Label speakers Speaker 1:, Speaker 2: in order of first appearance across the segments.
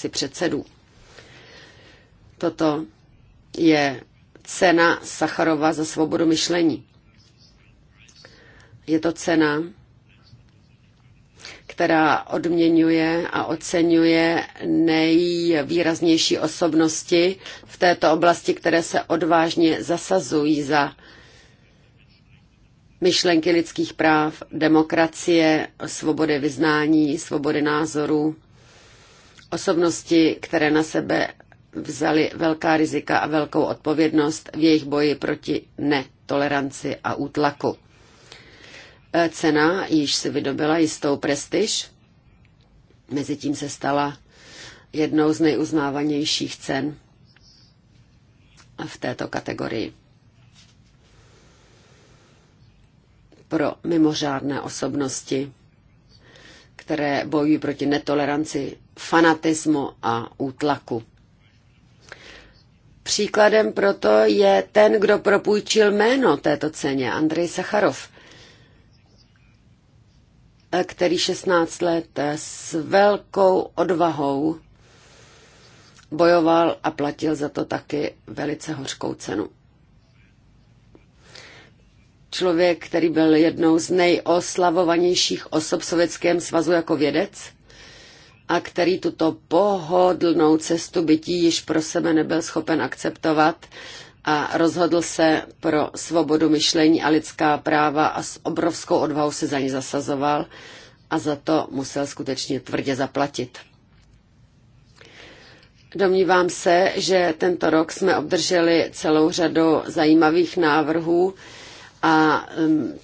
Speaker 1: si předsedů. Toto je cena Sacharova za svobodu myšlení. Je to cena, která odměňuje a oceňuje nejvýraznější osobnosti v této oblasti, které se odvážně zasazují za myšlenky lidských práv, demokracie, svobody vyznání, svobody názoru Osobnosti, které na sebe vzali velká rizika a velkou odpovědnost v jejich boji proti netoleranci a útlaku. E, cena již si vydobila jistou prestiž, mezitím se stala jednou z nejuznávanějších cen v této kategorii. Pro mimořádné osobnosti, které bojují proti netoleranci, fanatismu a útlaku. Příkladem proto je ten, kdo propůjčil jméno této ceně, Andrej Sacharov, který 16 let s velkou odvahou bojoval a platil za to taky velice hořkou cenu. Člověk, který byl jednou z nejoslavovanějších osob v Sovětském svazu jako vědec, a který tuto pohodlnou cestu bytí již pro sebe nebyl schopen akceptovat a rozhodl se pro svobodu myšlení a lidská práva a s obrovskou odvahou se za ní zasazoval a za to musel skutečně tvrdě zaplatit. Domnívám se, že tento rok jsme obdrželi celou řadu zajímavých návrhů, a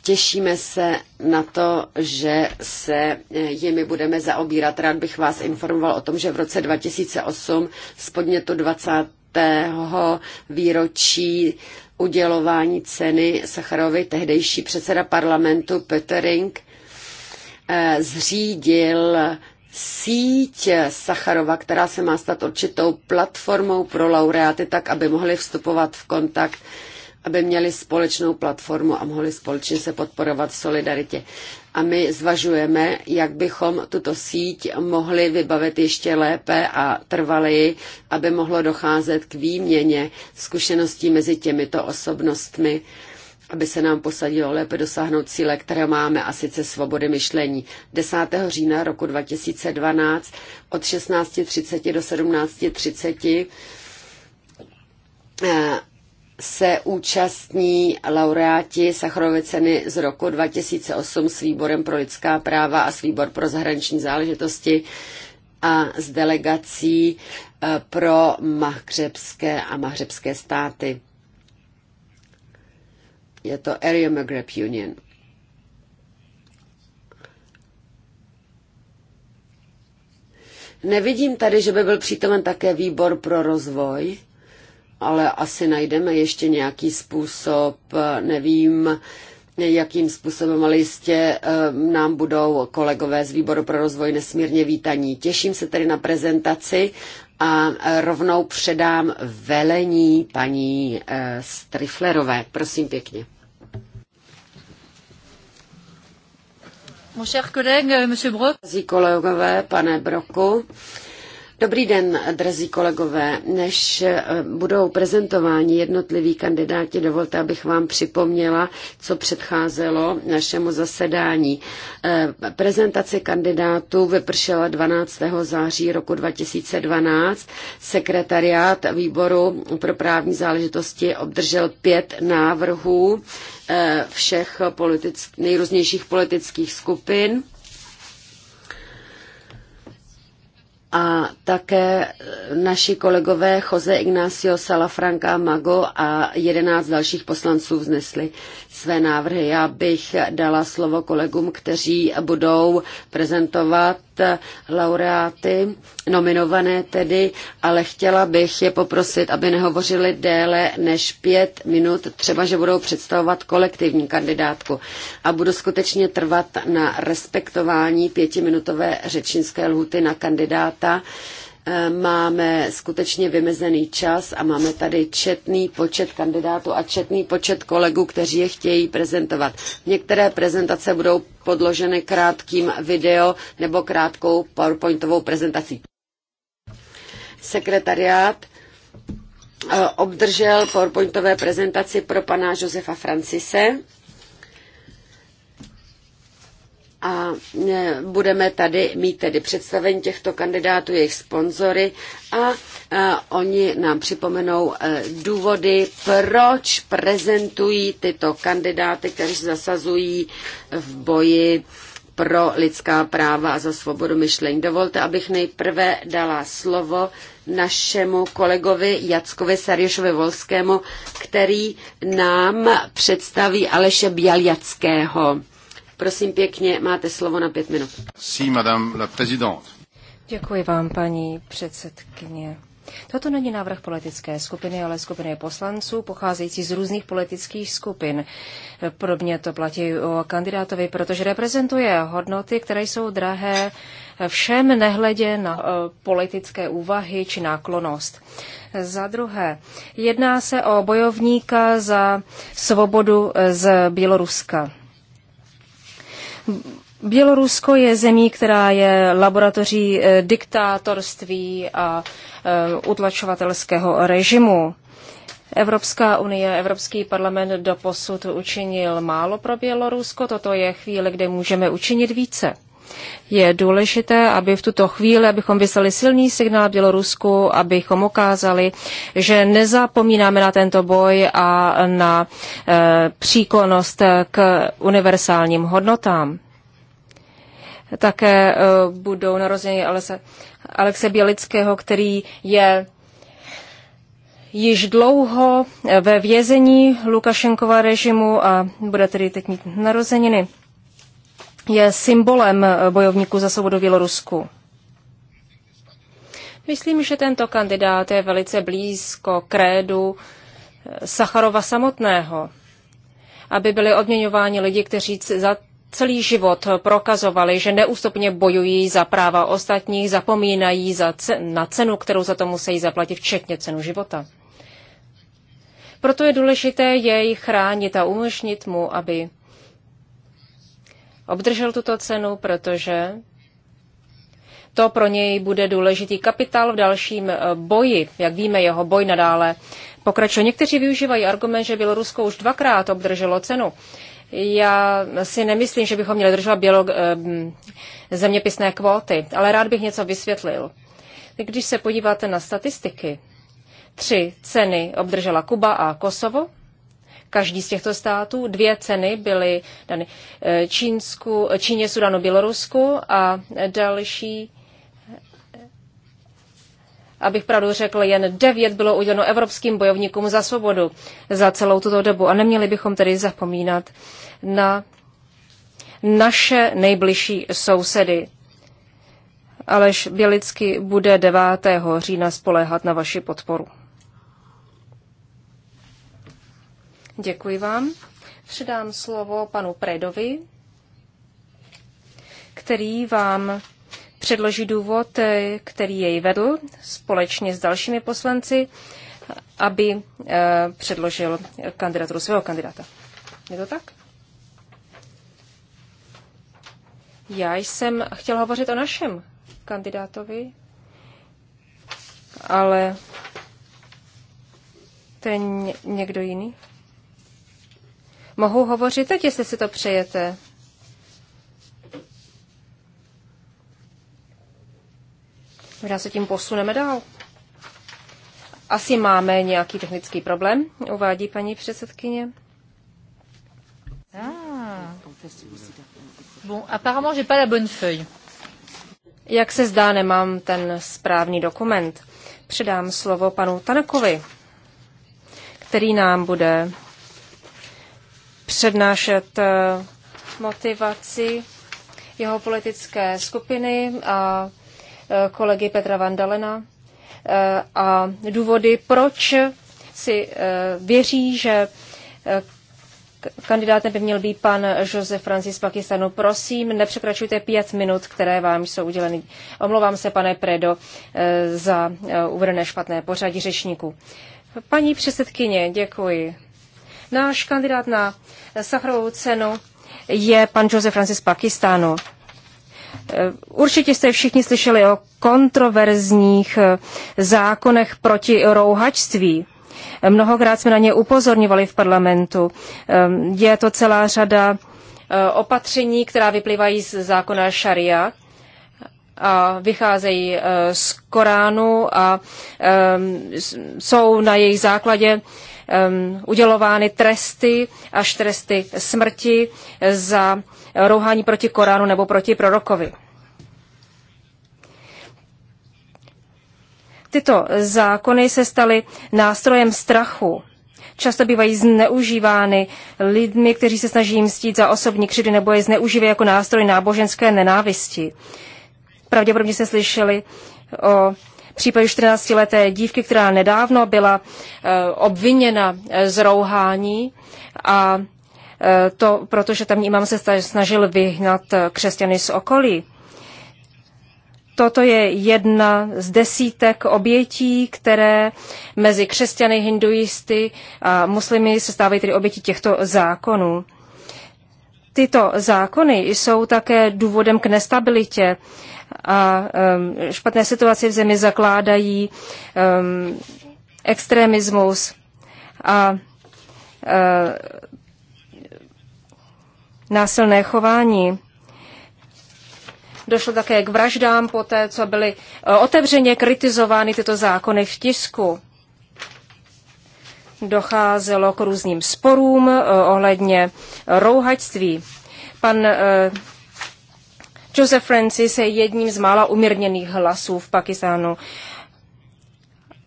Speaker 1: těšíme se na to, že se eh, jimi budeme zaobírat. Rád bych vás informoval o tom, že v roce 2008 z podnětu 20. výročí udělování ceny Sacharovi tehdejší předseda parlamentu Petering eh, zřídil síť Sacharova, která se má stát určitou platformou pro laureáty, tak aby mohli vstupovat v kontakt aby měli společnou platformu a mohli společně se podporovat v solidaritě. A my zvažujeme, jak bychom tuto síť mohli vybavit ještě lépe a trvaleji, aby mohlo docházet k výměně zkušeností mezi těmito osobnostmi, aby se nám posadilo lépe dosáhnout cíle, které máme, a sice svobody myšlení. 10. října roku 2012 od 16.30 do 17.30 se účastní laureáti Sacharovy ceny z roku 2008 s výborem pro lidská práva a s výbor pro zahraniční záležitosti a s delegací eh, pro mahřebské a mahřebské státy. Je to Area Maghreb Union. Nevidím tady, že by byl přítomen také výbor pro rozvoj ale asi najdeme ještě nějaký způsob, nevím, jakým způsobem, ale jistě eh, nám budou kolegové z Výboru pro rozvoj nesmírně vítaní. Těším se tedy na prezentaci a eh, rovnou předám velení paní eh, Striflerové. Prosím pěkně. Mon cher collègue, euh, monsieur Brock. Kolegové, pane Broku, Dobrý den, drazí kolegové. Než eh, budou prezentováni jednotliví kandidáti, dovolte, abych vám připomněla, co předcházelo našemu zasedání. Eh, prezentace kandidátů vypršela 12. září roku 2012. Sekretariát výboru pro právní záležitosti obdržel pět návrhů eh, všech politick, nejrůznějších politických skupin a také eh, naši kolegové Jose Ignacio Salafranca Mago a jedenáct dalších poslanců vznesli své návrhy. Já bych dala slovo kolegům, kteří budou prezentovat eh, laureáty, nominované tedy, ale chtěla bych je poprosit, aby nehovořili déle než pět minut, třeba, že budou představovat kolektivní kandidátku. A budu skutečně trvat na respektování pětiminutové řečnické lhuty na kandidáty léta. Eh, máme skutečně vymezený čas a máme tady četný počet kandidátů a četný počet kolegů, kteří je chtějí prezentovat. Některé prezentace budou podloženy krátkým video nebo krátkou PowerPointovou prezentací. Sekretariát eh, obdržel PowerPointové prezentaci pro pana Josefa Francise a e, budeme tady mít tedy představení těchto kandidátů, jejich sponzory a, e, oni nám připomenou e, důvody, proč prezentují tyto kandidáty, kteří se zasazují v boji pro lidská práva a za svobodu myšlení. Dovolte, abych nejprve dala slovo našemu kolegovi Jackovi Sarješovi Volskému, který nám představí Aleše Bialjackého. Prosím pěkně, máte slovo na pět minut.
Speaker 2: Sí, madame la présidente. Děkuji vám, paní předsedkyně. Toto není návrh politické skupiny, ale skupiny poslanců pocházející z různých politických skupin. Podobně to platí o kandidátovi, protože reprezentuje hodnoty, které jsou drahé všem nehledě na e, politické úvahy či náklonost. Za druhé, jedná se o bojovníka za svobodu z Běloruska. Bělorusko je zemí, která je laboratoří eh, diktátorství a eh, utlačovatelského režimu. Evropská unie, Evropský parlament doposud učinil málo pro Bělorusko. Toto je chvíle, kde můžeme učinit více. Je důležité, aby v tuto chvíli, abychom vyslali silný signál Bělorusku, abychom ukázali, že nezapomínáme na tento boj a na e, příkonnost k univerzálním hodnotám. Také e, budou narozeny Alexe, Alexe Bělického, který je již dlouho eh, ve vězení Lukašenkova režimu a bude tedy teď mít narozeniny je symbolem eh, bojovníků za svobodu v Bělorusku. Myslím, že tento kandidát je velice blízko krédu eh, Sacharova samotného, aby byli odměňováni lidi, kteří za celý život prokazovali, že neústupně bojují za práva ostatních, zapomínají za cen, na cenu, kterou za to musí zaplatit, včetně cenu života. Proto je důležité jej chránit a umožnit mu, aby obdržel tuto cenu, protože to pro něj bude důležitý kapitál v dalším eh, boji. Jak víme, jeho boj nadále pokračuje. Někteří využívají argument, že Bělorusko už dvakrát obdrželo cenu. Já si nemyslím, že bychom měli držet bělo, eh, mm, zeměpisné kvóty, ale rád bych něco vysvětlil. Když se podíváte na statistiky, tři ceny obdržela Kuba a Kosovo, každý z těchto států. Dvě ceny byly dany eh, Čínsku, Číně, Sudanu, Bělorusku a další eh, abych pravdu řekl, jen devět bylo uděleno evropským bojovníkům za svobodu za celou tuto dobu. A neměli bychom tedy zapomínat na naše nejbližší sousedy. Alež Bělicky bude 9. října spoléhat na vaši podporu. Děkuji vám. Předám slovo panu Predovi, který vám předloží důvod, který jej vedl společně s dalšími poslanci, aby eh, předložil kandidaturu svého kandidáta. Je to tak? Já jsem chtěl hovořit o našem kandidátovi, ale ten někdo jiný. Mohu hovořit teď, jestli si to přejete. Možná se tím posuneme dál. Asi máme nějaký technický problém, uvádí paní předsedkyně.
Speaker 3: Ah.
Speaker 2: Bon, apparemment, j'ai pas la bonne feuille. Jak se zdá, nemám ten správný dokument. Předám slovo panu Tanakovi, který nám bude přednášet eh, motivaci jeho politické skupiny a eh, kolegy Petra Vandalena eh, a důvody, proč si věří, že kandidátem by měl být pan Josef Francis Pakistanu. Prosím, nepřekračujte pět minut, které vám jsou uděleny. Omlouvám se, pane Predo, za uvedené špatné pořadí řečníků. Paní předsedkyně, děkuji. Náš kandidát na Sacharovou cenu je pan Josef Francis Pakistánu. E, určitě jste všichni slyšeli o kontroverzních e, zákonech proti rouhačství. Mnohokrát jsme na ně upozorňovali v parlamentu. E, je to celá řada opatření, která vyplývají z zákona šaria a vycházejí z Koránu a jsou na jejich základě um, udělovány tresty až tresty smrti za rouhání proti Koránu nebo proti prorokovi. Tyto zákony se staly nástrojem strachu. Často bývají zneužívány lidmi, kteří se snaží mstít za osobní křivdy nebo je zneužívají jako nástroj náboženské nenávisti. Pravděpodobně se slyšeli o případě 14-leté dívky, která nedávno byla e, obviněna e, z rouhání a e, to protože tam imám se snažil vyhnat křesťany z okolí. Toto je jedna z desítek obětí, které mezi křesťany, hinduisty a muslimy se stávají tedy oběti těchto zákonů. Tyto zákony jsou také důvodem k nestabilitě a um, špatné situaci v zemi zakládají um, extremismus a uh, násilné chování. Došlo také k vraždám poté, co byly uh, otevřeně kritizovány tyto zákony v tisku docházelo k různým sporům eh, ohledně rouhačství. Pan eh, Joseph Francis je jedním z mála umírněných hlasů v Pakistánu,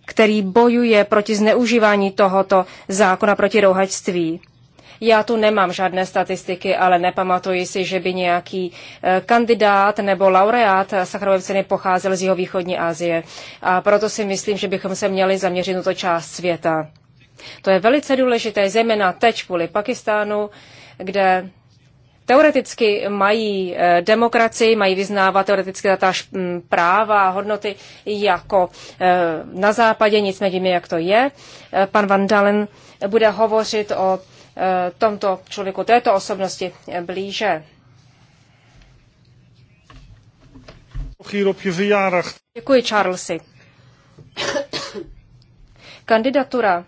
Speaker 2: který bojuje proti zneužívání tohoto zákona proti rouhačství. Já tu nemám žádné statistiky, ale nepamatuji si, že by nějaký eh, kandidát nebo laureát Sacharové ceny pocházel z jeho východní Asie. A proto si myslím, že bychom se měli zaměřit na to část světa. To je velice důležité, zejména teď kvůli Pakistánu, kde teoreticky mají eh, demokracii, mají vyznávat teoreticky tatáž mm, práva a hodnoty jako eh, na západě, nic nevíme, jak to je. Eh, pan Van Dalen bude hovořit o tomto člověku, této osobnosti blíže. Děkuji, Charlesy. Kandidatura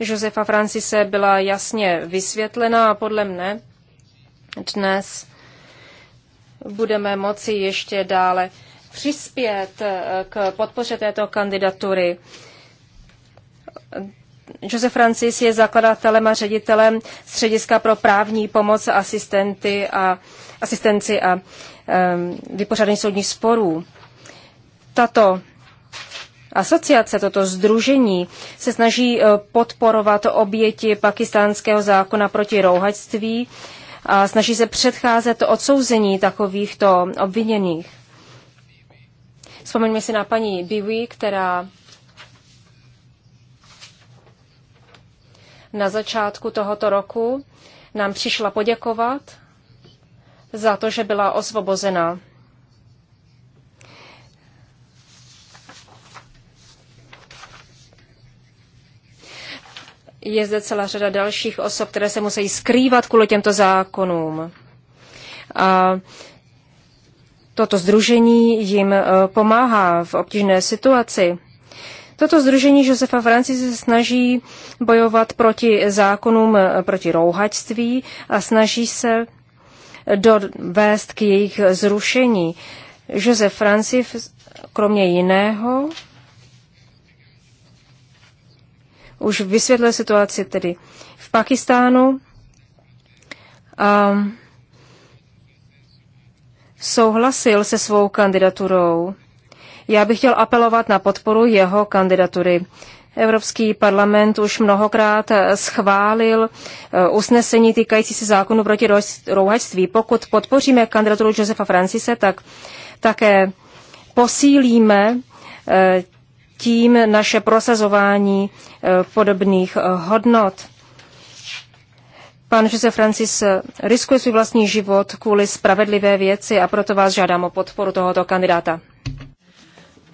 Speaker 2: Josefa Francise byla jasně vysvětlena a podle mne dnes budeme moci ještě dále přispět eh, k podpoře této kandidatury. Josef Francis je zakladatelem a ředitelem Střediska pro právní pomoc a asistenty a asistenci a um, vypořádání soudních sporů. Tato asociace, toto združení se snaží eh, podporovat oběti pakistánského zákona proti rouhačství a snaží se předcházet odsouzení takovýchto obviněných. Vzpomeňme si na paní Biwi, která na začátku tohoto roku nám přišla poděkovat za to, že byla osvobozena je zde celá řada dalších osob, které se musí skrývat kvůli těmto zákonům. A toto združení jim e, pomáhá v obtížné situaci. Toto združení Josefa Franci se snaží bojovat proti zákonům e, proti rouhačství a snaží se dovést k jejich zrušení. Josef Francis kromě jiného už vysvětlil situaci tedy v Pakistánu. A souhlasil se svou kandidaturou. Já bych chtěl apelovat na podporu jeho kandidatury. Evropský parlament už mnohokrát schválil eh, usnesení týkající se zákonu proti rouhačství. Pokud podpoříme kandidaturu Josefa Francise, tak také posílíme eh, tím naše prosazování eh, podobných eh, hodnot. Pan Jose Francis eh, riskuje svůj vlastní život kvůli spravedlivé věci a proto vás žádám o podporu tohoto kandidáta.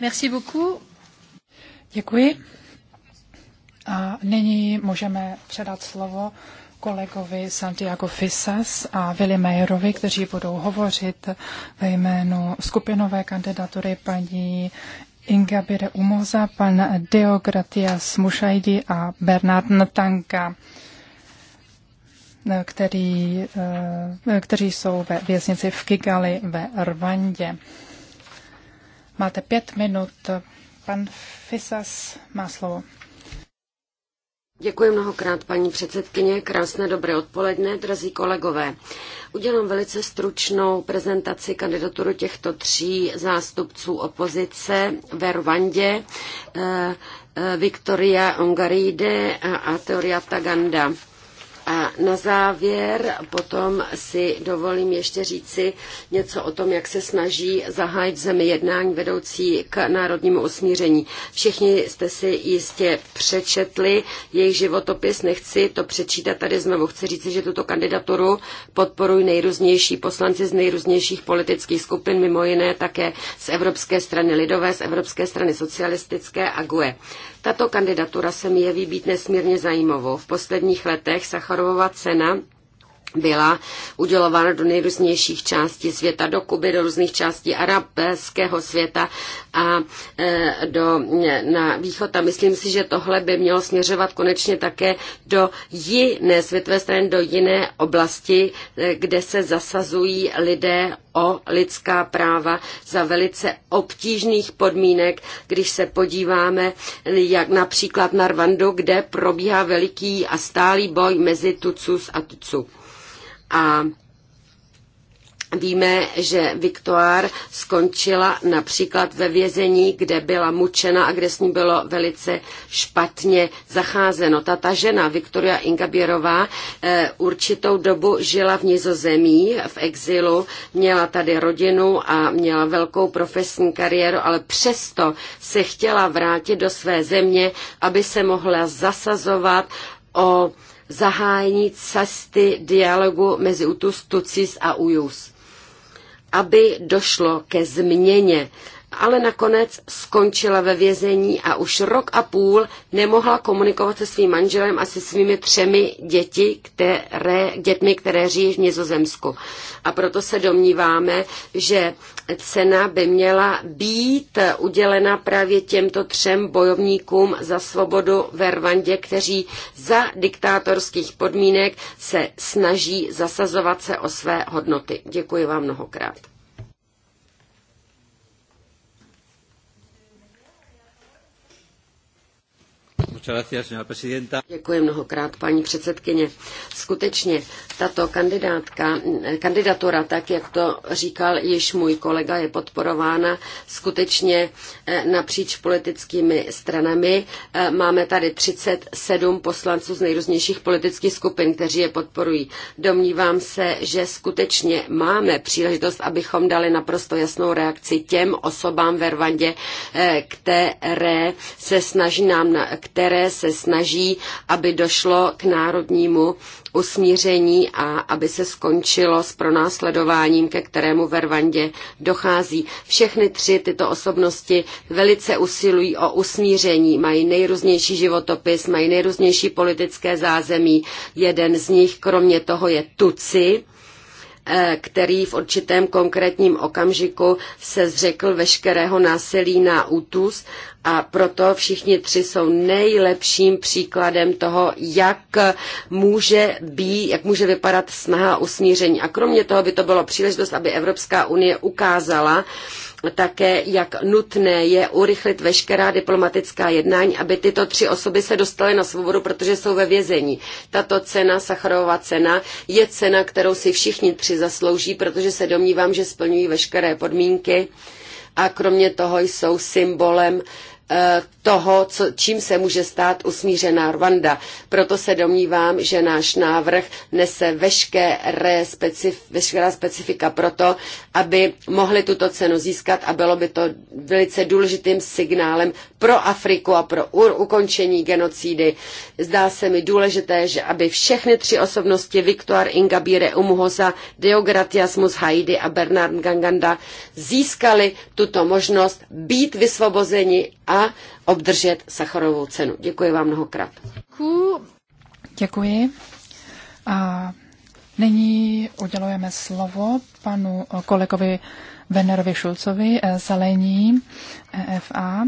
Speaker 3: Merci beaucoup. Děkuji. A nyní můžeme předat slovo kolegovi Santiago Fisas a Vili Mayerovi, kteří budou hovořit ve jménu skupinové kandidatury paní Ingabire Umoza, pan Deogratias Mušajdi a Bernard Natanka, který, eh, kteří jsou ve věznici v Kigali ve Rwandě. Máte pět minut. Pan Fisas má slovo.
Speaker 1: Děkuji mnohokrát, paní předsedkyně. Krásné dobré odpoledne, drazí kolegové. Udělám velice stručnou prezentaci kandidaturu těchto tří zástupců opozice ve Rwandě, eh, eh, Victoria Ongaride a Teoria Taganda. A na závěr potom si dovolím ještě říci něco o tom, jak se snaží zahájit zemi jednání vedoucí k národnímu usmíření. Všichni jste si jistě přečetli jejich životopis, nechci to přečítat tady znovu. Chci říci, že tuto kandidaturu podporují nejrůznější poslanci z nejrůznějších politických skupin, mimo jiné také z Evropské strany lidové, z Evropské strany socialistické a GUE. Tato kandidatura se mi jeví být nesmírně zajímavou. V posledních letech Sacha Sacharovova cena byla udělována do nejrůznějších částí světa, do Kuby, do různých částí arabského světa a e, do, e, na východ. A myslím si, že tohle by mělo směřovat konečně také do jiné světové strany, do jiné oblasti, e, kde se zasazují lidé o lidská práva za velice obtížných podmínek, když se podíváme jak například na Rwandu, kde probíhá veliký a stálý boj mezi Tucus a Tucu. A Víme, že Viktoár skončila například ve vězení, kde byla mučena a kde s ní bylo velice špatně zacházeno. Tata žena, Viktoria Ingabierová, eh, určitou dobu žila v Nizozemí v exilu, měla tady rodinu a měla velkou profesní kariéru, ale přesto se chtěla vrátit do své země, aby se mohla zasazovat o zahájení cesty dialogu mezi Utus, Tucis a Ujus, aby došlo ke změně ale nakonec skončila ve vězení a už rok a půl nemohla komunikovat se svým manželem a se svými třemi děti, které, dětmi, které žijí v Nizozemsku. A proto se domníváme, že cena by měla být udělena právě těmto třem bojovníkům za svobodu ve Rwandě, kteří za diktátorských podmínek se snaží zasazovat se o své hodnoty. Děkuji vám mnohokrát. Děkuji mnohokrát, paní předsedkyně. Skutečně, tato kandidátka, kandidatura, tak jak to říkal již můj kolega, je podporována skutečně eh, napříč politickými stranami. Eh, máme tady 37 poslanců z nejrůznějších politických skupin, kteří je podporují. Domnívám se, že skutečně máme příležitost, abychom dali naprosto jasnou reakci těm osobám ve Rwandě, eh, které se snaží nám, které které se snaží, aby došlo k národnímu usmíření a aby se skončilo s pronásledováním, ke kterému ve Rwandě dochází. Všechny tři tyto osobnosti velice usilují o usmíření, mají nejrůznější životopis, mají nejrůznější politické zázemí. Jeden z nich kromě toho je Tuci, eh, který v určitém konkrétním okamžiku se zřekl veškerého násilí na útus a proto všichni tři jsou nejlepším příkladem toho, jak může, být, jak může vypadat snaha o smíření. A kromě toho by to bylo příležitost, aby Evropská unie ukázala, také, jak nutné je urychlit veškerá diplomatická jednání, aby tyto tři osoby se dostaly na svobodu, protože jsou ve vězení. Tato cena, Sacharová cena, je cena, kterou si všichni tři zaslouží, protože se domnívám, že splňují veškeré podmínky a kromě toho jsou symbolem uh, Eh, toho, co, čím se může stát usmířená Rwanda. Proto se domnívám, že náš návrh nese veškeré specif, veškerá specifika proto, aby mohli tuto cenu získat a bylo by to velice důležitým signálem pro Afriku a pro ukončení genocídy. Zdá se mi důležité, že aby všechny tři osobnosti Viktor Ingabire Umuhosa, Deogratiasmus Haidi a Bernard Ganganda získali tuto možnost být vysvobozeni a a obdržet Sacharovou cenu. Děkuji vám mnohokrát.
Speaker 3: Děkuji. A nyní udělujeme slovo panu kolegovi Venerovi Šulcovi z eh, Zelení EFA.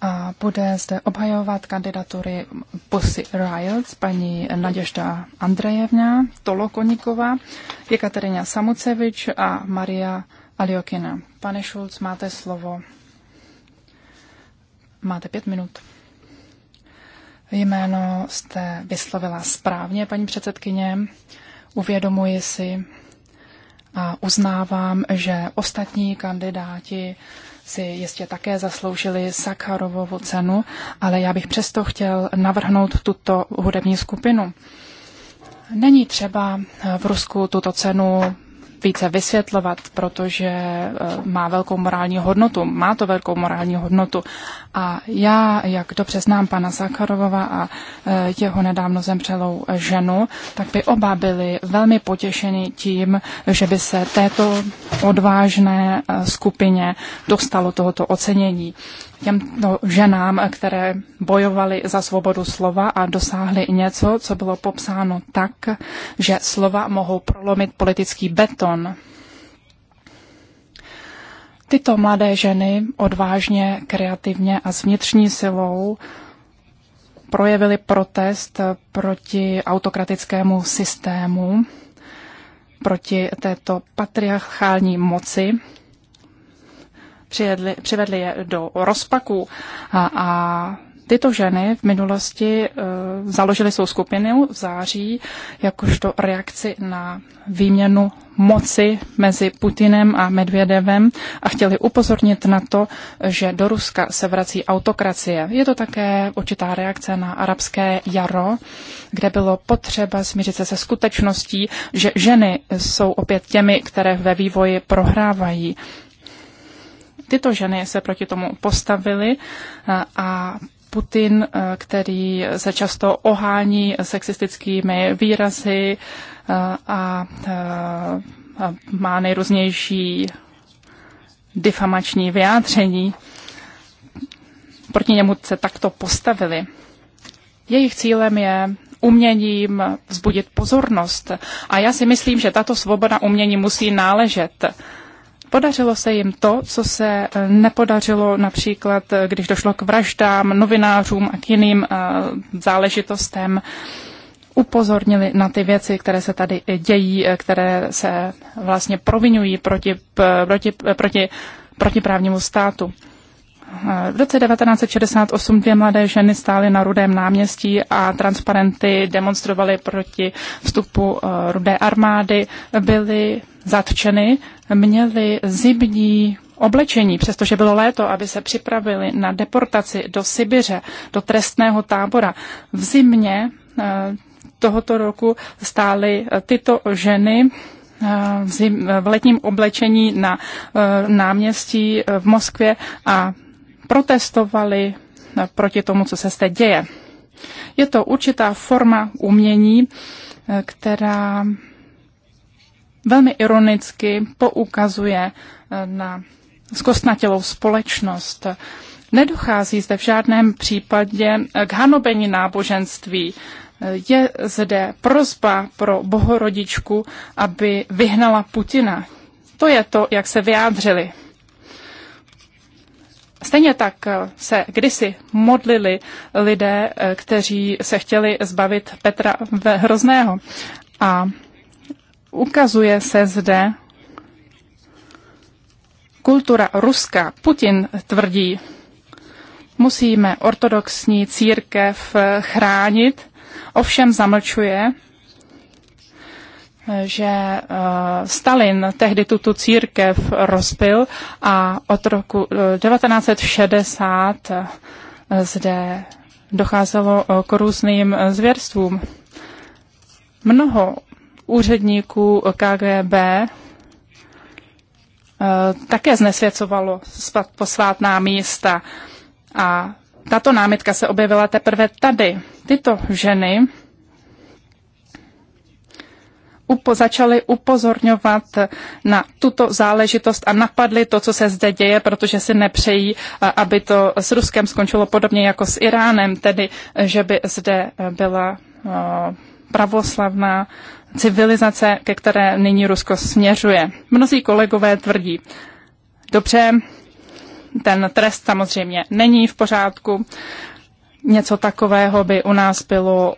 Speaker 3: A bude zde obhajovat kandidatury Pussy Riot, paní Naděžda Andrejevna, Koníková, Jekaterina Samucevič a Maria Aliokina. Pane Šulc, máte slovo. Máte pět minut. Jméno jste vyslovila správně, paní předsedkyně. Uvědomuji si a uznávám, že ostatní kandidáti si jistě také zasloužili Sakharovovu cenu, ale já bych přesto chtěl navrhnout tuto hudební skupinu. Není třeba v Rusku tuto cenu více vysvětlovat, protože eh, má velkou morální hodnotu. Má to velkou morální hodnotu. A já, jak dobře znám pana Zakarovova a eh, jeho nedávno zemřelou eh, ženu, tak by oba byli velmi potěšeni tím, že by se této odvážné skupině dostalo tohoto ocenění těmto no, ženám, které bojovaly za svobodu slova a dosáhly něco, co bylo popsáno tak, že slova mohou prolomit politický beton. Tyto mladé ženy odvážně, kreativně a s vnitřní silou projevily protest proti autokratickému systému, proti této patriarchální moci, přivedli, přivedli je do rozpaku a, a Tyto ženy v minulosti e, založily svou skupinu v září jakožto reakci na výměnu moci mezi Putinem a Medvědevem a chtěli upozornit na to, že do Ruska se vrací autokracie. Je to také určitá reakce na arabské jaro, kde bylo potřeba smířit se se skutečností, že ženy jsou opět těmi, které ve vývoji prohrávají. Tyto ženy se proti tomu postavily eh, a Putin, eh, který se často ohání sexistickými výrazy eh, a má nejrůznější difamační vyjádření, proti němu se takto postavili. Jejich cílem je uměním vzbudit pozornost. A já si myslím, že tato svoboda umění musí náležet. Podařilo se jim to, co se eh, nepodařilo například, eh, když došlo k vraždám, novinářům a k jiným eh, záležitostem. Upozornili na ty věci, které se tady dějí, které se vlastně provinují proti, proti, proti právnímu státu. V roce 1968 dvě mladé ženy stály na Rudém náměstí a transparenty demonstrovali proti vstupu Rudé armády. Byly zatčeny měli zimní oblečení, přestože bylo léto, aby se připravili na deportaci do Sibiře, do trestného tábora. V zimě eh, tohoto roku stály eh, tyto ženy eh, v, v letním oblečení na náměstí v Moskvě a protestovali proti tomu, co se zde děje. Je to určitá forma umění, která velmi ironicky poukazuje eh, na zkostnatělou společnost. Nedochází zde v žádném případě eh, k hanobení náboženství. Eh, je zde prozba pro bohorodičku, aby vyhnala Putina. To je to, jak se vyjádřili. Stejně tak se kdysi modlili lidé, kteří se chtěli zbavit Petra Hrozného. A ukazuje se zde kultura ruská. Putin tvrdí, musíme ortodoxní církev chránit, ovšem zamlčuje, že eh, Stalin tehdy tuto církev rozbil a od roku 1960 eh, eh, zde docházelo k různým zvěrstvům. Mnoho úředníků KGB eh, také znesvěcovalo posvátná místa. A tato námitka se objevila teprve tady. Tyto ženy upo- začaly upozorňovat na tuto záležitost a napadly to, co se zde děje, protože si nepřejí, eh, aby to s Ruskem skončilo podobně jako s Iránem, tedy eh, že by zde byla pravoslavná civilizace, ke které nyní Rusko směřuje. Mnozí kolegové tvrdí, dobře, ten trest samozřejmě není v pořádku, něco takového by u nás bylo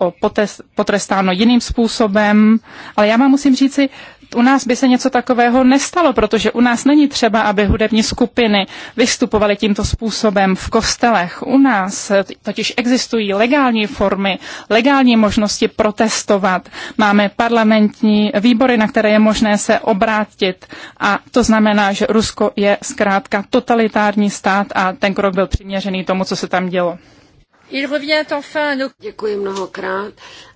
Speaker 3: potrestáno jiným způsobem, ale já vám musím říci, u nás by se něco takového nestalo, protože u nás není třeba, aby hudební skupiny vystupovaly tímto způsobem v kostelech. U nás totiž existují legální formy, legální možnosti protestovat. Máme parlamentní výbory, na které je možné se obrátit. A to znamená, že Rusko je zkrátka totalitární stát a ten krok byl přiměřený tomu, co se tam dělo.
Speaker 1: Il revient enfin Děkuji mnohokrát.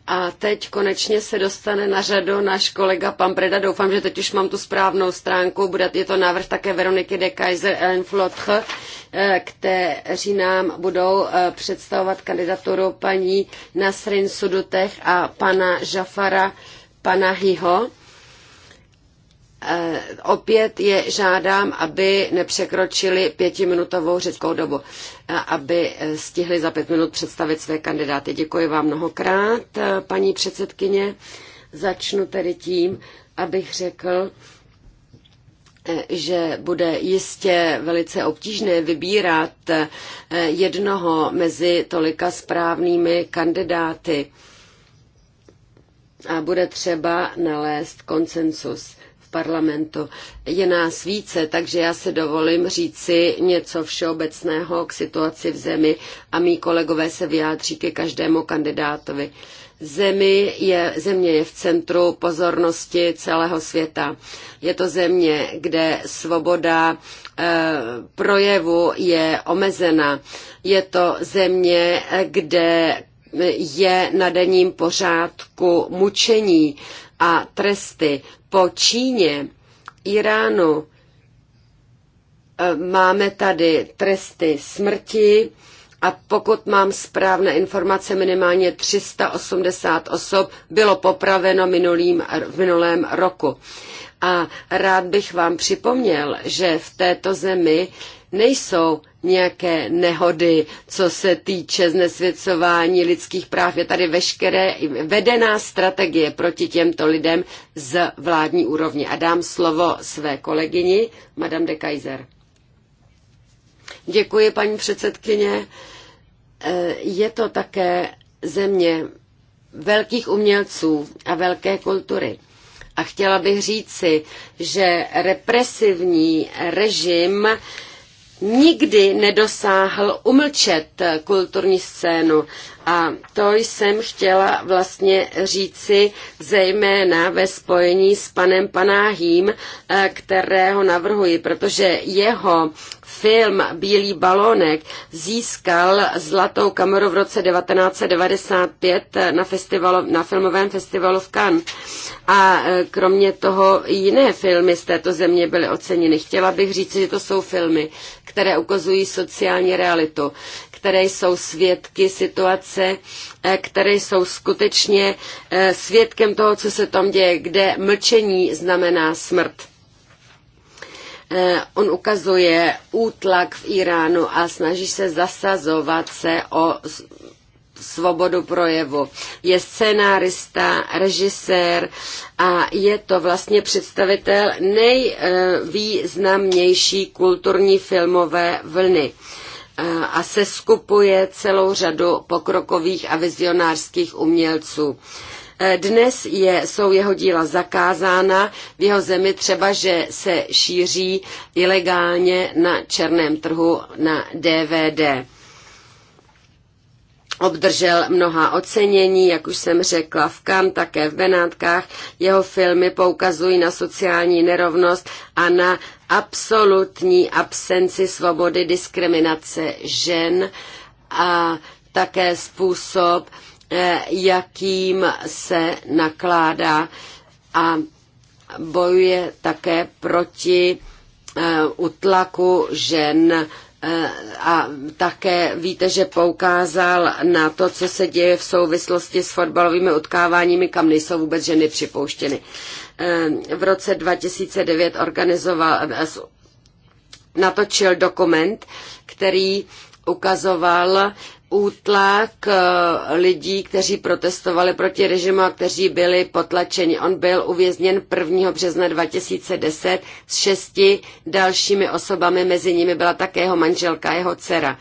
Speaker 1: A teď konečně se dostane na řadu náš kolega pan Preda. Doufám, že teď už mám tu správnou stránku. Bude, je to návrh také Veroniky de Kaiser Ellen Flotch, eh, kteří nám budou eh, představovat kandidaturu paní Nasrin Sudutech a pana Jafara Panahiho Eh, opět je žádám, aby nepřekročili pětiminutovou řeckou dobu, aby eh, stihli za pět minut představit své kandidáty. Děkuji vám mnohokrát, eh, paní předsedkyně. Začnu tedy tím, abych řekl, že bude jistě velice obtížné vybírat jednoho mezi tolika správnými kandidáty a bude třeba nalézt konsensus parlamentu. Je nás více, takže já se dovolím říci něco všeobecného k situaci v zemi a mý kolegové se vyjádří ke každému kandidátovi. Zemi je, země je v centru pozornosti celého světa. Je to země, kde svoboda eh, projevu je omezena. Je to země, kde je na denním pořádku mučení a tresty po Číně, Iránu, eh, máme tady tresty smrti a pokud mám správné informace, minimálně 380 osob bylo popraveno minulým, v minulém roku. A rád bych vám připomněl, že v této zemi nejsou nějaké nehody, co se týče znesvěcování lidských práv. Je tady veškeré vedená strategie proti těmto lidem z vládní úrovně. A dám slovo své kolegyni, Madame de Kaiser. Děkuji, paní předsedkyně. Eh, je to také země velkých umělců a velké kultury. A chtěla bych říci, že represivní režim nikdy nedosáhl umlčet kulturní scénu. A to jsem chtěla vlastně říci zejména ve spojení s panem Panáhým, eh, kterého navrhuji, protože jeho film Bílý balonek získal Zlatou kameru v roce 1995 na, festivalu, na filmovém festivalu v Cannes. A e, kromě toho jiné filmy z této země byly oceněny. Chtěla bych říct, že to jsou filmy, které ukazují sociální realitu, které jsou svědky situace, e, které jsou skutečně e, svědkem toho, co se tam děje, kde mlčení znamená smrt. Eh, on ukazuje útlak v Iránu a snaží se zasazovat se o svobodu projevu. Je scénárista, režisér a je to vlastně představitel nejvýznamnější kulturní filmové vlny eh, a se skupuje celou řadu pokrokových a vizionářských umělců. Dnes je, jsou jeho díla zakázána v jeho zemi třeba, že se šíří ilegálně na černém trhu na DVD. Obdržel mnoha ocenění, jak už jsem řekla, v Kam, také v Benátkách. Jeho filmy poukazují na sociální nerovnost a na absolutní absenci svobody diskriminace žen a také způsob, Eh, jakým se nakládá a bojuje také proti eh, utlaku žen eh, a také víte, že poukázal na to, co se děje v souvislosti s fotbalovými utkáváními, kam nejsou vůbec ženy připouštěny. V roce 2009 organizoval, natočil dokument, který ukazoval, útlak eh, lidí, kteří protestovali proti režimu a kteří byli potlačeni. On byl uvězněn 1. března 2010 s šesti dalšími osobami, mezi nimi byla také jeho manželka, jeho dcera.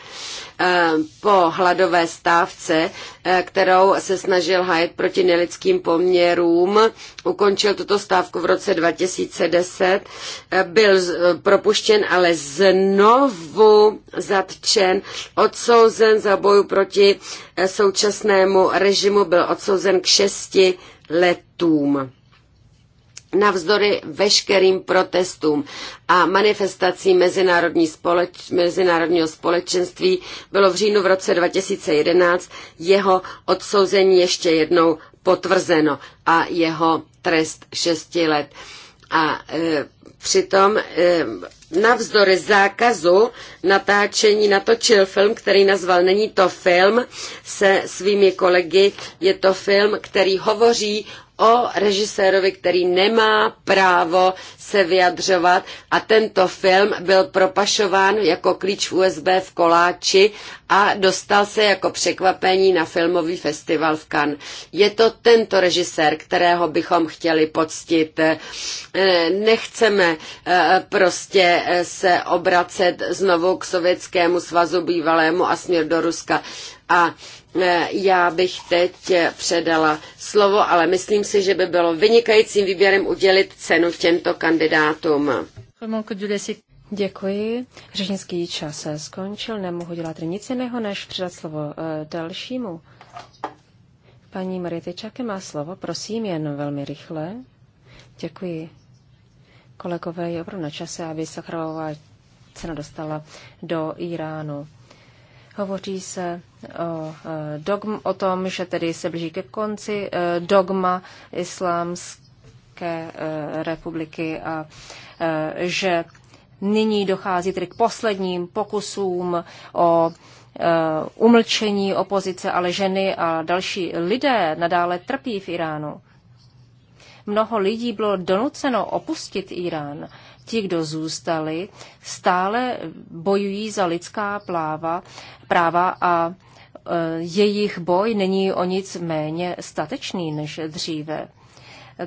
Speaker 1: Eh, po hladové stávce, eh, kterou se snažil hájet proti nelidským poměrům, ukončil tuto stávku v roce 2010, byl propuštěn, ale znovu zatčen, odsouzen za boj boju proti eh, současnému režimu byl odsouzen k šesti letům navzdory veškerým protestům a manifestacím mezinárodní společ, mezinárodního společenství bylo v říjnu v roce 2011 jeho odsouzení ještě jednou potvrzeno a jeho trest šesti let. A e, přitom eh, navzdory zákazu natáčení natočil film, který nazval Není to film se svými kolegy. Je to film, který hovoří o režisérovi, který nemá právo se vyjadřovat a tento film byl propašován jako klíč v USB v Koláči a dostal se jako překvapení na filmový festival v Cannes. Je to tento režisér, kterého bychom chtěli poctit. Eh, nechceme nemůžeme eh, prostě eh, se obracet znovu k Sovětskému svazu bývalému a směr do Ruska. A eh, já bych teď předala slovo, ale myslím si, že by bylo vynikajícím výběrem udělit cenu těmto kandidátům.
Speaker 2: Děkuji. Řečnický čas se skončil, nemohu dělat nic jiného, než předat slovo dalšímu. Paní Marie Tejčáke má slovo, prosím, jen velmi rychle. Děkuji. Kolegové, je opravdu na čase, aby Sacharová cena dostala do Iránu. Hovoří se o, e, dogm, o tom, že tedy se blíží ke konci e, dogma islámské e, republiky a že nyní dochází tedy k posledním pokusům o umlčení opozice, ale ženy a další lidé nadále trpí v Iránu. Mnoho lidí bylo donuceno opustit Irán. Ti, kdo zůstali, stále bojují za lidská pláva, práva a e, jejich boj není o nic méně statečný než dříve.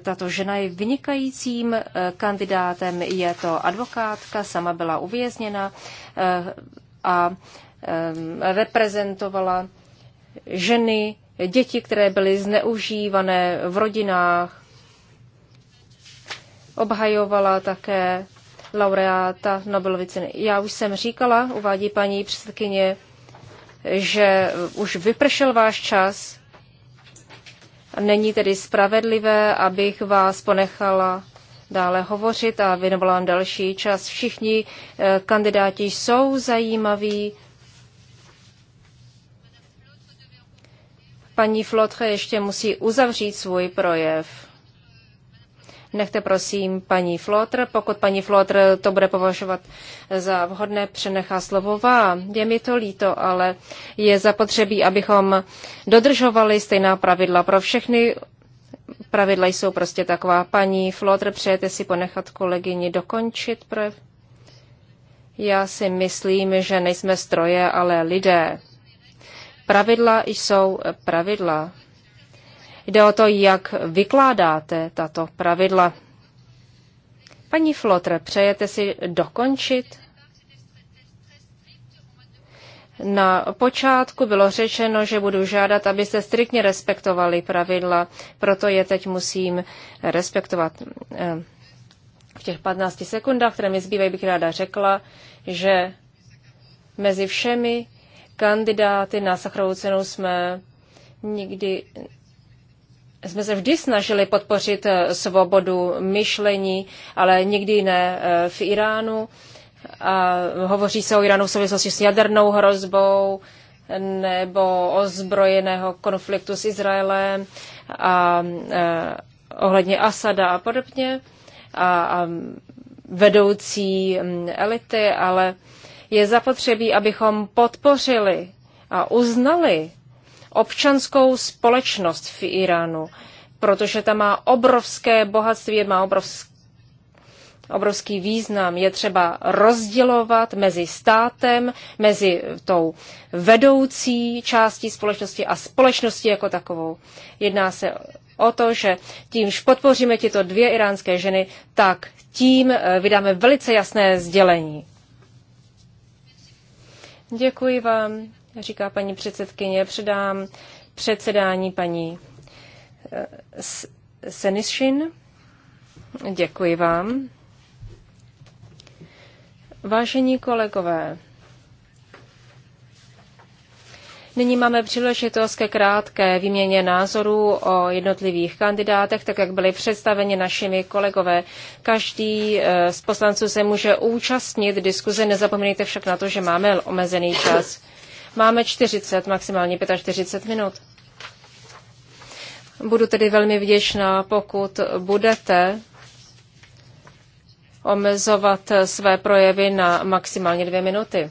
Speaker 2: Tato žena je vynikajícím e, kandidátem, je to advokátka, sama byla uvězněna e, a reprezentovala ženy, děti, které byly zneužívané v rodinách, obhajovala také laureáta Nobelovy ceny. Já už jsem říkala, uvádí paní předsedkyně, že už vypršel váš čas. Není tedy spravedlivé, abych vás ponechala dále hovořit a věnovala vám další čas. Všichni eh, kandidáti jsou zajímaví. Paní Flotre ještě musí uzavřít svůj projev. Nechte prosím paní Flotr. Pokud paní Flotr to bude považovat za vhodné, přenechá slovo vám. Je mi to líto, ale je zapotřebí, abychom dodržovali stejná pravidla pro všechny. Pravidla jsou prostě taková. Paní Flotr, přejete si ponechat kolegyni dokončit projev? Já si myslím, že nejsme stroje, ale lidé. Pravidla jsou pravidla. Jde o to, jak vykládáte tato pravidla. Paní Flotre, přejete si dokončit? Na počátku bylo řečeno, že budu žádat, abyste striktně respektovali pravidla, proto je teď musím respektovat. Eh, v těch 15 sekundách, které mi zbývají, bych ráda řekla, že mezi všemi kandidáty na Sacharovu cenu jsme nikdy jsme se vždy snažili podpořit eh, svobodu myšlení, ale nikdy ne eh, v Iránu. A hovoří se o Iránu v souvislosti s jadernou hrozbou nebo ozbrojeného konfliktu s Izraelem a, a eh, ohledně Asada a podobně a, a vedoucí mm, elity, ale je zapotřebí, abychom podpořili a uznali občanskou společnost v Iránu, protože ta má obrovské bohatství, má obrovské obrovský význam. Je třeba rozdělovat mezi státem, mezi tou vedoucí částí společnosti a společnosti jako takovou. Jedná se o to, že tímž podpoříme tyto dvě iránské ženy, tak tím eh, vydáme velice jasné sdělení. Děkuji vám říká paní předsedkyně, předám předsedání paní eh, Senishin. Děkuji vám. Vážení kolegové, Nyní máme příležitost ke krátké výměně názorů o jednotlivých kandidátech, tak jak byly představeni našimi kolegové. Každý eh, z poslanců se může účastnit diskuze, nezapomeňte však na to, že máme omezený čas. Máme 40, maximálně 45 minut. Budu tedy velmi vděčná, pokud budete omezovat své projevy na maximálně dvě minuty.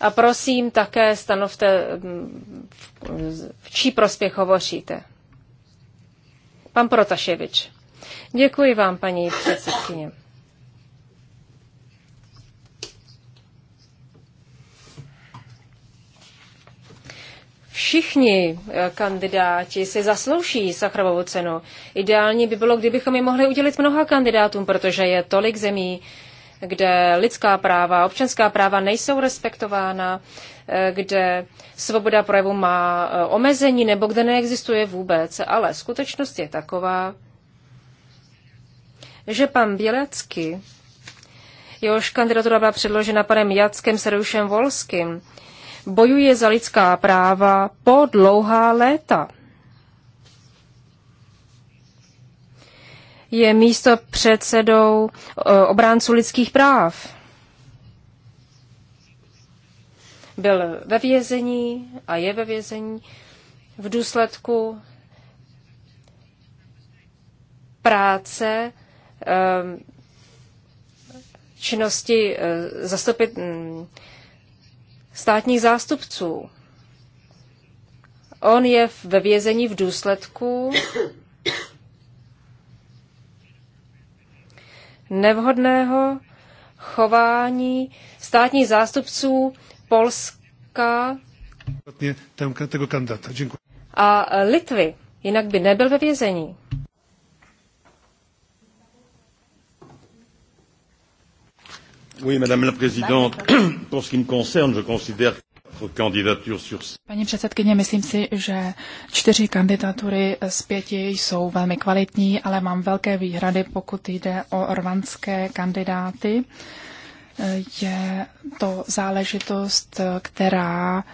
Speaker 2: A prosím také stanovte, v čí prospěch hovoříte. Pan Protaševič. Děkuji vám, paní předsedkyně. Všichni eh, kandidáti si zaslouží Sachrovou cenu. Ideální by bylo, kdybychom ji mohli udělit mnoha kandidátům, protože je tolik zemí, kde lidská práva, občanská práva nejsou respektována, eh, kde svoboda projevu má eh, omezení nebo kde neexistuje vůbec. Ale skutečnost je taková, že pan Bělecky, jehož kandidatura byla předložena panem Jackem Serušem Volským, bojuje za lidská práva po dlouhá léta. Je místo předsedou e, obránců lidských práv. Byl ve vězení a je ve vězení v důsledku práce e, činnosti e, zastupit, státních zástupců. On je ve vězení v důsledku nevhodného chování státních zástupců Polska
Speaker 1: tego kandidata. Dziękuję.
Speaker 2: a Litvy, jinak by nebyl ve vězení. madame la présidente, pour ce qui me concerne, je considère
Speaker 3: Paní předsedkyně, myslím si, že čtyři kandidatury z pěti jsou velmi kvalitní, ale mám velké výhrady, pokud jde o rvanské kandidáty. Je to záležitost, která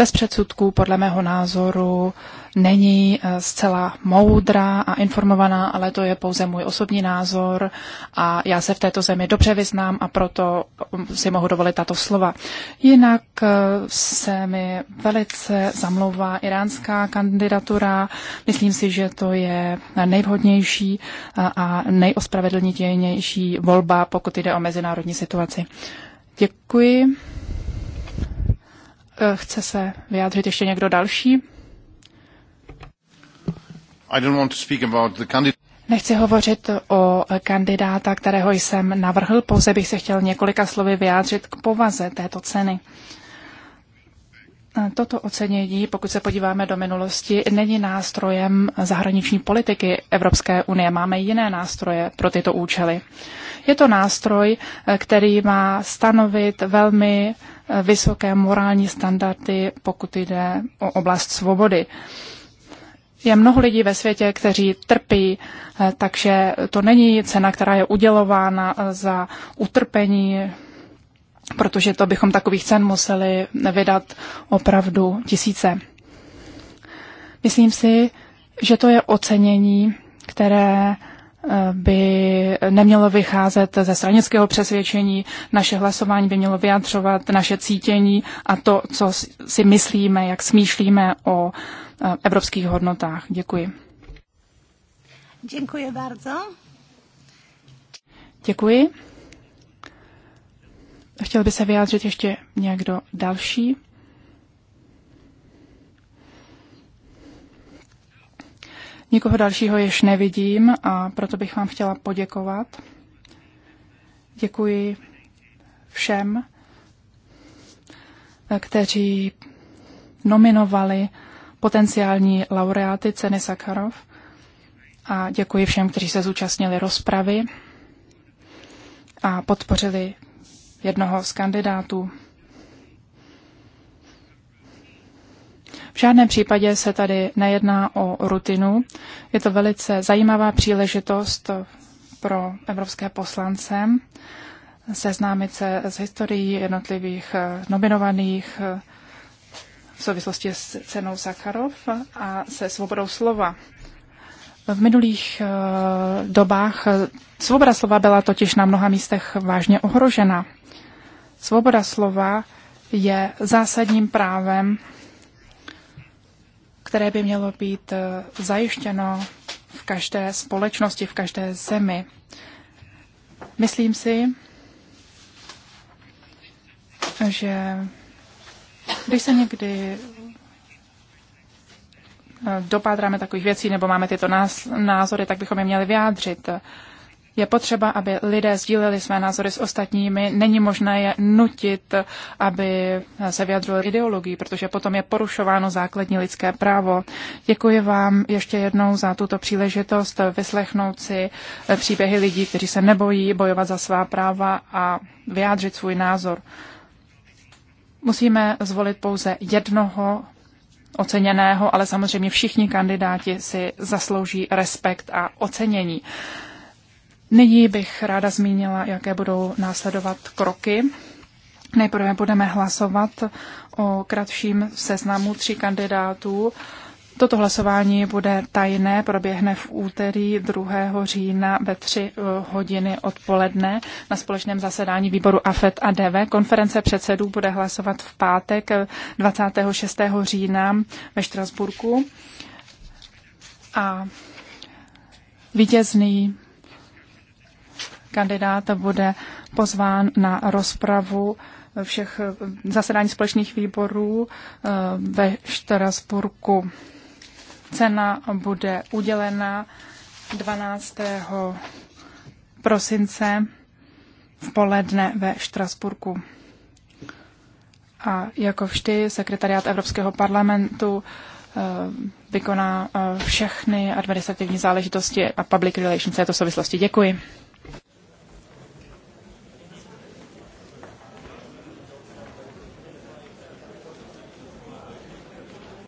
Speaker 3: bez předsudků podle mého názoru není eh, zcela moudrá a informovaná, ale to je pouze můj osobní názor a já se v této zemi dobře vyznám a proto mm, si mohu dovolit tato slova. Jinak eh, se mi velice zamlouvá iránská kandidatura. Myslím si, že to je nejvhodnější eh, a nejospravedlnitější volba, pokud jde o mezinárodní situaci. Děkuji. Eh, chce se vyjádřit ještě někdo další? I
Speaker 2: don't want to speak about the candidate.
Speaker 3: Nechci hovořit o kandidáta, kterého jsem navrhl, pouze bych se chtěl několika slovy vyjádřit k povaze této ceny. Eh, toto ocenění, pokud se podíváme do minulosti, není nástrojem zahraniční politiky Evropské unie. Máme jiné nástroje pro tyto účely. Je to nástroj, eh, který má stanovit velmi vysoké morální standardy, pokud jde o oblast svobody. Je mnoho lidí ve světě, kteří trpí, eh, takže to není cena, která je udělována eh, za utrpení, protože to bychom takových cen museli vydat opravdu tisíce. Myslím si, že to je ocenění, které by nemělo vycházet ze stranického přesvědčení, naše hlasování by mělo vyjadřovat naše cítění a to, co si myslíme, jak smýšlíme o e, evropských hodnotách. Děkuji.
Speaker 1: Děkuji bardzo.
Speaker 3: Děkuji. Chtěl by se vyjádřit ještě někdo další? Nikoho dalšího již nevidím a proto bych vám chtěla poděkovat. Děkuji všem, kteří nominovali potenciální laureáty ceny Sakharov a děkuji všem, kteří se zúčastnili rozpravy a podpořili jednoho z kandidátů. V žádném případě se tady nejedná o rutinu. Je to velice zajímavá příležitost pro evropské poslance seznámit se s historií jednotlivých eh, nominovaných eh, v souvislosti s cenou Sakharov a se svobodou slova. V minulých eh, dobách svoboda slova byla totiž na mnoha místech vážně ohrožena. Svoboda slova je zásadním právem které by mělo být eh, zajištěno v každé společnosti, v každé zemi. Myslím si, že když se někdy eh, dopátráme takových věcí nebo máme tyto názory, tak bychom je měli vyjádřit. Je potřeba, aby lidé sdíleli své názory s ostatními. Není možné je nutit, aby se vyjadřovali ideologii, protože potom je porušováno základní lidské právo. Děkuji vám ještě jednou za tuto příležitost vyslechnout si příběhy lidí, kteří se nebojí bojovat za svá práva a vyjádřit svůj názor. Musíme zvolit pouze jednoho oceněného, ale samozřejmě všichni kandidáti si zaslouží respekt a ocenění. Nyní bych ráda zmínila, jaké budou následovat kroky. Nejprve budeme hlasovat o kratším seznamu tří kandidátů. Toto hlasování bude tajné, proběhne v úterý 2. října ve 3 eh, hodiny odpoledne na společném zasedání výboru AFET a DV. Konference předsedů bude hlasovat v pátek 26. Eh, října ve Štrasburku. A vítězný kandidát bude pozván na rozpravu všech zasedání společných výborů eh, ve Štrasburku. Cena bude udělena 12. prosince v poledne ve Štrasburku. A jako vždy, sekretariát Evropského parlamentu eh, vykoná eh, všechny administrativní záležitosti a public relations v této souvislosti. Děkuji.